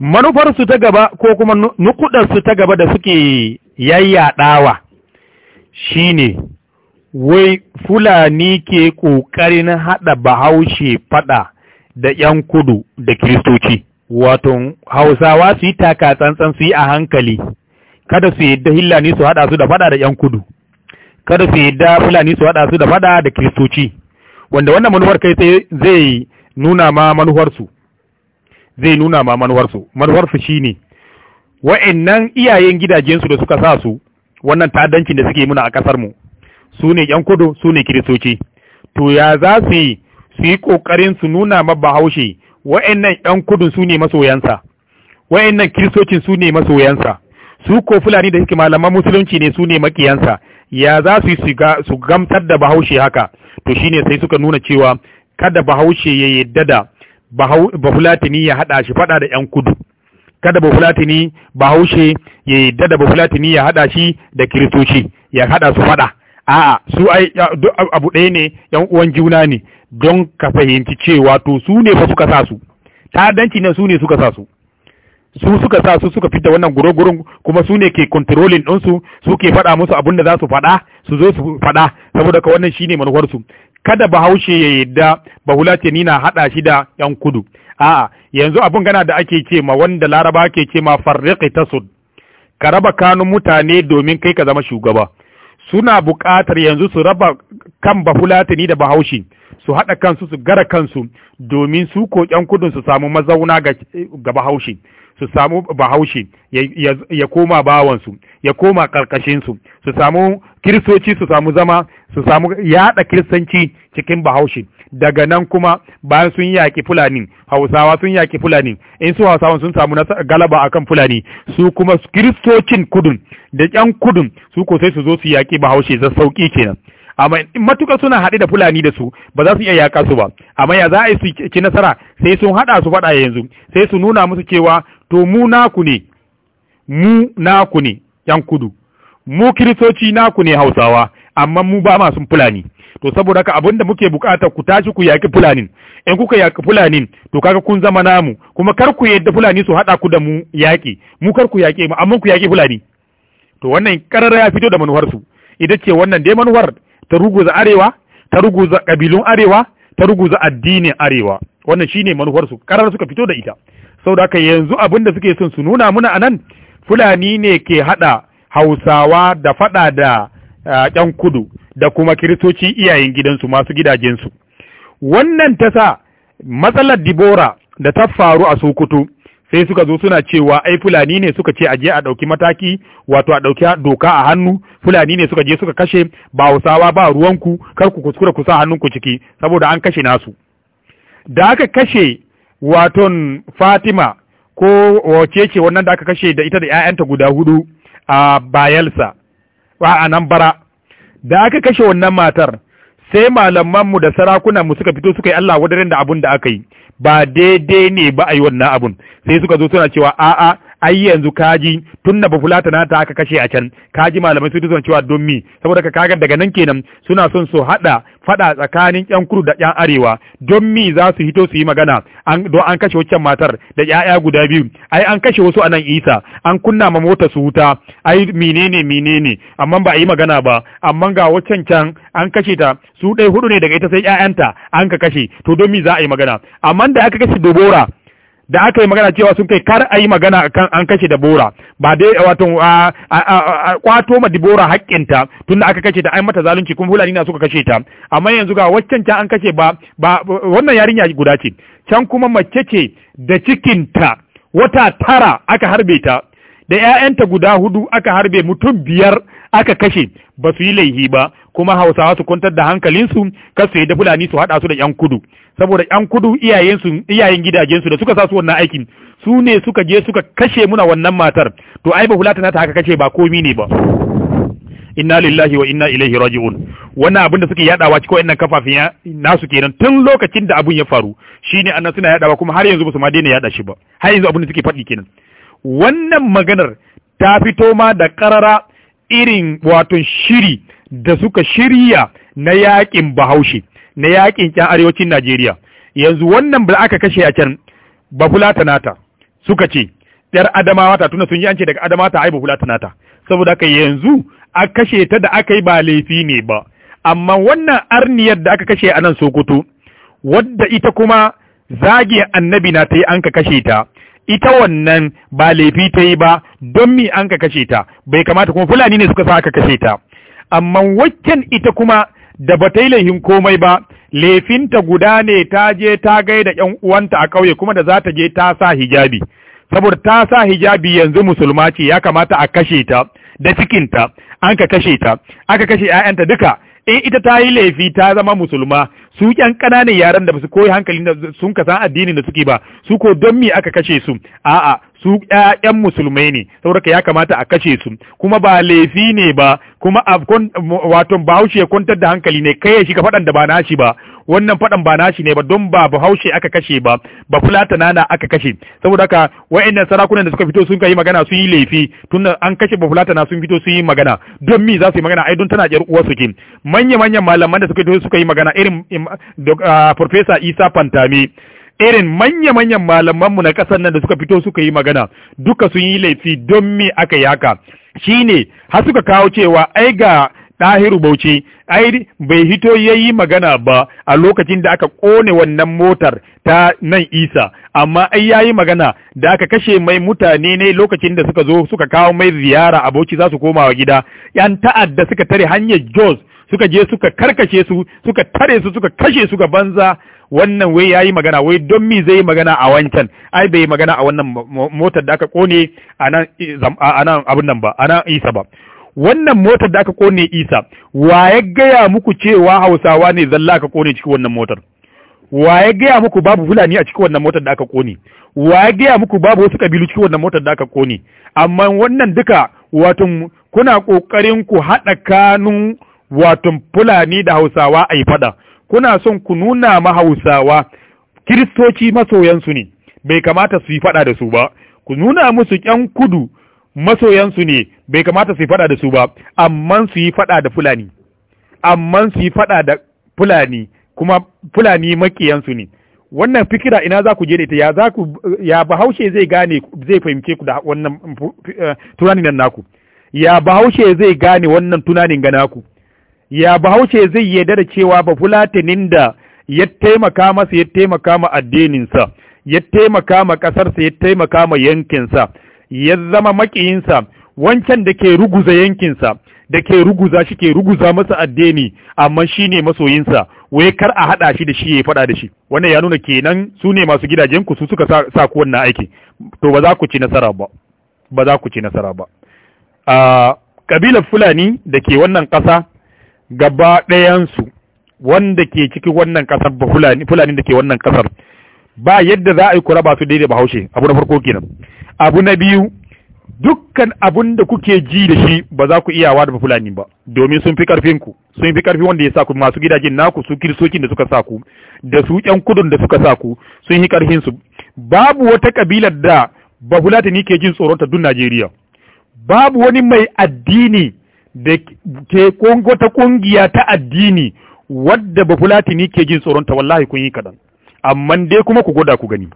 manufarsu ta gaba ko kuma nukudarsu ta gaba da suke yayyadawa shine wai fulani ke ƙoƙarin haɗa bahaushe faɗa da ‘yan kudu da kiristoci wato hausawa su yi taka tsantsan su yi a hankali kada su yadda hillani su haɗa su da faɗa da ‘yan kudu kada su yadda fulani su haɗa su da faɗa da kiristoci wanda wannan manufar kai sai zai nuna ma manufarsu zai nuna ma manuwarsu manuwarsu shine wa'annan iyayen gidajensu da suka sa su wannan ta'addancin da suke muna a ƙasarmu su ne yan kudu su ne kiristoci to ya za su yi su yi ƙoƙarin su nuna ma bahaushe wa'annan yan kudu su ne masoyansa wa'annan kiristocin su ne masoyansa su ko fulani da suke malaman musulunci ne su ne makiyansa ya za su yi su gamtar da bahaushe haka to shine sai suka nuna cewa kada bahaushe ya yadda da bafulatini ya haɗa shi faɗa da ‘yan kudu kada bafulatini bahaushe ya yadda da bafulatini ya haɗa shi da kiristoci ya haɗa su faɗa a'a su ai abu ɗaya ne ‘yan uwan juna ne don ka fahimci cewa to su ne fa suka sa su ta'addanci ne su ne suka sa su su suka sa su suka fita wannan gurogurun kuma su ne ke controlling ɗinsu su ke faɗa musu abin da za su faɗa su zo su faɗa saboda ka wannan shine su kada bahaushe ya yadda bahula ce ni na haɗa shi da yan kudu a'a yanzu abin gana da ake ce ma wanda laraba ake ce ma farriqi tasud ka raba kanun mutane domin kai ka zama shugaba suna buƙatar yanzu su raba kan ni da bahaushe su haɗa kansu su gara kansu domin su ko yan kudun su samu mazauna ga bahaushe su samu bahaushe ya koma bawansu ya koma ƙarƙashinsu su samu kiristoci su samu zama su samu yaɗa kiristanci cikin bahaushe daga nan kuma bayan sun yaƙi fulani hausawa sun yaƙi fulani in su hausawan sun samu galaba akan fulani su kuma kiristocin kudun da yan kudun su ko sai su zo su yaƙi bahaushe za sauƙi kenan amma matuƙa suna haɗe da fulani da su ba za su iya yaƙa su ba amma ya za a yi su ci nasara sai sun haɗa su faɗa yanzu sai su nuna musu cewa to mu naku ne mu naku ne yan kudu mu kiristoci naku ne hausawa amma mu ba masu fulani to saboda ka abinda muke bukata ku tashi ku yaƙi fulanin in kuka yaƙi fulanin to kaga kun zama namu kuma kar ku yadda fulani su haɗa ku da mu yaƙi mu kar ku yaƙi mu amma ku yaƙi fulani to wannan karara ya fito da manuwar su ita ce wannan dai manuwar ta ruguza arewa ta ruguza kabilun arewa ta ruguza addinin arewa wannan shine manufar su karar suka fito da ita saboda haka yanzu abin da suke son su nuna muna anan fulani ne ke hada hausawa da fada da yan kudu da kuma kiristoci iyayen gidansu masu gidajensu wannan ta sa matsalar dibora da ta faru a sokoto sai suka zo suna cewa ai fulani ne suka ce a je a ɗauki mataki wato a ɗauki doka a hannu fulani ne suka je suka kashe ba hausawa ba ruwanku kar ku kuskura ku sa hannunku ciki saboda an kashe nasu da aka kashe waton fatima ko wace ce wannan da aka kashe da ita da 'ya'yanta guda hudu a bayelsa ba a nan bara da aka kashe wannan matar sai malamanmu da sarakunanmu suka fito suka yi Allah wadarin da abun da aka yi ba daidai ne ba a yi wannan abun sai suka zo suna cewa a'a ai yanzu kaji tunna bafulata na ta aka kashe a can kaji malamai sun tuzon cewa don mi saboda ka kaga daga nan kenan suna son su hada faɗa tsakanin yan kudu da yan arewa don mi za su hito su yi magana an don an kashe waccan matar da yaya guda biyu ai an kashe wasu anan isa an kunna ma mota su wuta ai menene menene amma ba a yi magana ba amma ga waccan can an kashe ta su ɗaya hudu ne daga ita sai ƴaƴanta an ka kashe to don mi za a yi magana amma da aka kashe dobora da aka yi magana cewa sun kai kar a yi magana kan an kashe dabora ba dai eh, wato a kwato ma dibora haƙƙinta tunda aka kashe ta an mata zalunci kuma fulani na suka kashe ta amma yanzu ga waccan can an kashe ba ba wannan yarinya guda ce can kuma mace ce da cikinta wata tara aka harbe ta da ‘ya'yanta guda hudu aka harbe mutum biyar aka kashe ba su yi laihi ba kuma hausawa su kwantar da hankalinsu kasu yi da fulani su haɗa su da ‘yan kudu saboda ‘yan kudu iyayen gidajensu da suka sa su wannan aikin su ne suka je suka kashe muna wannan matar to ai ba hulata ta haka kashe ba komi ne ba inna lillahi wa inna ilaihi raji'un wannan abin da suke yadawa cikin wannan kafafin nasu kenan tun lokacin da abun ya faru shine annan suna yadawa kuma har yanzu ba su ma daina yada shi ba har yanzu abin da suke faɗi kenan wannan maganar ta fito ma da ƙarara irin wato shiri da suka shirya na yaƙin bahaushe na yaƙin ƙyan arewacin najeriya yanzu wannan ba aka kashe a can bafulata nata suka ce 'yar adamawa ta tuna sun yi an ce daga adamawa ta ai bafulata nata saboda haka yanzu a kashe ta da aka yi ba laifi ne ba amma wannan arniyar da aka kashe a nan sokoto wadda ita kuma zage annabi na ta yi an ka kashe ta ita wannan ba laifi ta yi ba don mi an ka kashe ta bai kamata kuma fulani ne suka sa aka kashe ta amma wakken ita kuma da ba ta yi laifin komai ba laifinta guda ne ta je ta gaida yan uwanta a ƙauye kuma da za ta je ta sa hijabi saboda ta sa hijabi yanzu musulma ce ya kamata a kashe ta da cikinta an ka kashe ta aka kashe ‘ya'yanta duka in eh, ita ta yi laifi ta zama musulma su yan ƙananan yaran da ba su koyi hankali sun kasan addinin da suke ba su ko don me aka kashe su a'a su ƴaƴan musulmai ne saboda ya kamata a kashe su kuma ba laifi ne ba kuma wato bahaushe kwantar da hankali ne kai shi ka faɗan da ba nashi ba wannan faɗan ba nashi ne ba don ba bahaushe aka kashe ba ba fulatana na aka kashe saboda ka wa'annan sarakunan da suka fito sun kai magana sun yi laifi tun an kashe ba fulatana sun fito sun yi magana don mi za su yi magana ai don tana ƴar uwar su manya manyan malaman da suka fito suka yi magana irin ah, professor Isa Fantami irin manya-manyan malamanmu na ƙasar nan da suka fito suka yi magana duka sun yi laifi don me aka yi haka shine har suka kawo cewa ai ga ɗahiru bauchi ai bai hito ya yi magana ba a lokacin da aka ƙone wannan motar ta nan isa amma ai yayi magana da aka kashe mai mutane ne lokacin da suka zo suka kawo mai ziyara aboki za su komawa gida yan ta'adda suka tare hanyar jos suka je suka karkashe su suka tare su suka kashe su ga banza wannan wai yayi magana wai don mi zai magana a wancan ai bai magana a wannan motar da aka kone a nan isa ba wannan motar da aka kone isa wa ya gaya muku cewa hausawa ne zalla aka kone cikin wannan motar wa ya gaya muku babu fulani a cikin wannan motar da aka kone wa ya gaya muku babu wasu kabilu cikin wannan motar da aka kone amma wannan duka wato kuna kokarin ku haɗa kanun wato fulani da hausawa a yi faɗa kuna son ku nuna ma hausawa kiristoci masoyansu ne bai kamata su yi faɗa da su ba ku nuna musu yan kudu masoyansu ne bai kamata su yi faɗa da su ba amma su yi faɗa da fulani amma su yi faɗa da fulani kuma fulani makiyansu ne wannan fikira ina za ku je da ita ya bahaushe zai gane zai fahimce ku da wannan eh, tunanin nan naku ya bahaushe zai gane wannan tunanin ga naku ya bahaushe zai yarda da cewa ba fulatinin da ya taimaka masa ya taimaka ma addininsa ya taimaka ma ƙasarsa ya taimaka ma yankinsa ya zama makiyinsa? wancan da ke ruguza yankinsa da ke ruguza shi ke ruguza masa addini amma shi ne masoyinsa wai kar a haɗa shi da shi ya faɗa da shi wannan ya nuna kenan su ne masu gidajen ku su suka sa ku wannan aiki to ba za ku ci nasara ba ba za ku ci nasara ba a kabilar fulani da ke wannan ƙasa gaba ɗayansu wanda ke cikin wannan ƙasar ba fulani fulani da ke wannan ƙasar ba yadda za a yi kura ba su daidai bahaushe abu na farko kenan abu na biyu dukkan abun da kuke ji da shi ba za ku iyawa da fulani ba domin sun fi ƙarfinku ku sun fi karfi wanda ya sa ku masu gidajen naku su kiristocin da suka sa ku da su ƴan kudun da suka sa ku sun yi karfin su babu wata kabilar da bahulata ni ke jin tsoron ta duk Najeriya babu wani mai addini da ke wata kungiya ta addini wadda bahulata ni ke jin tsoron ta wallahi kun yi kadan amma dai kuma ku goda ku gani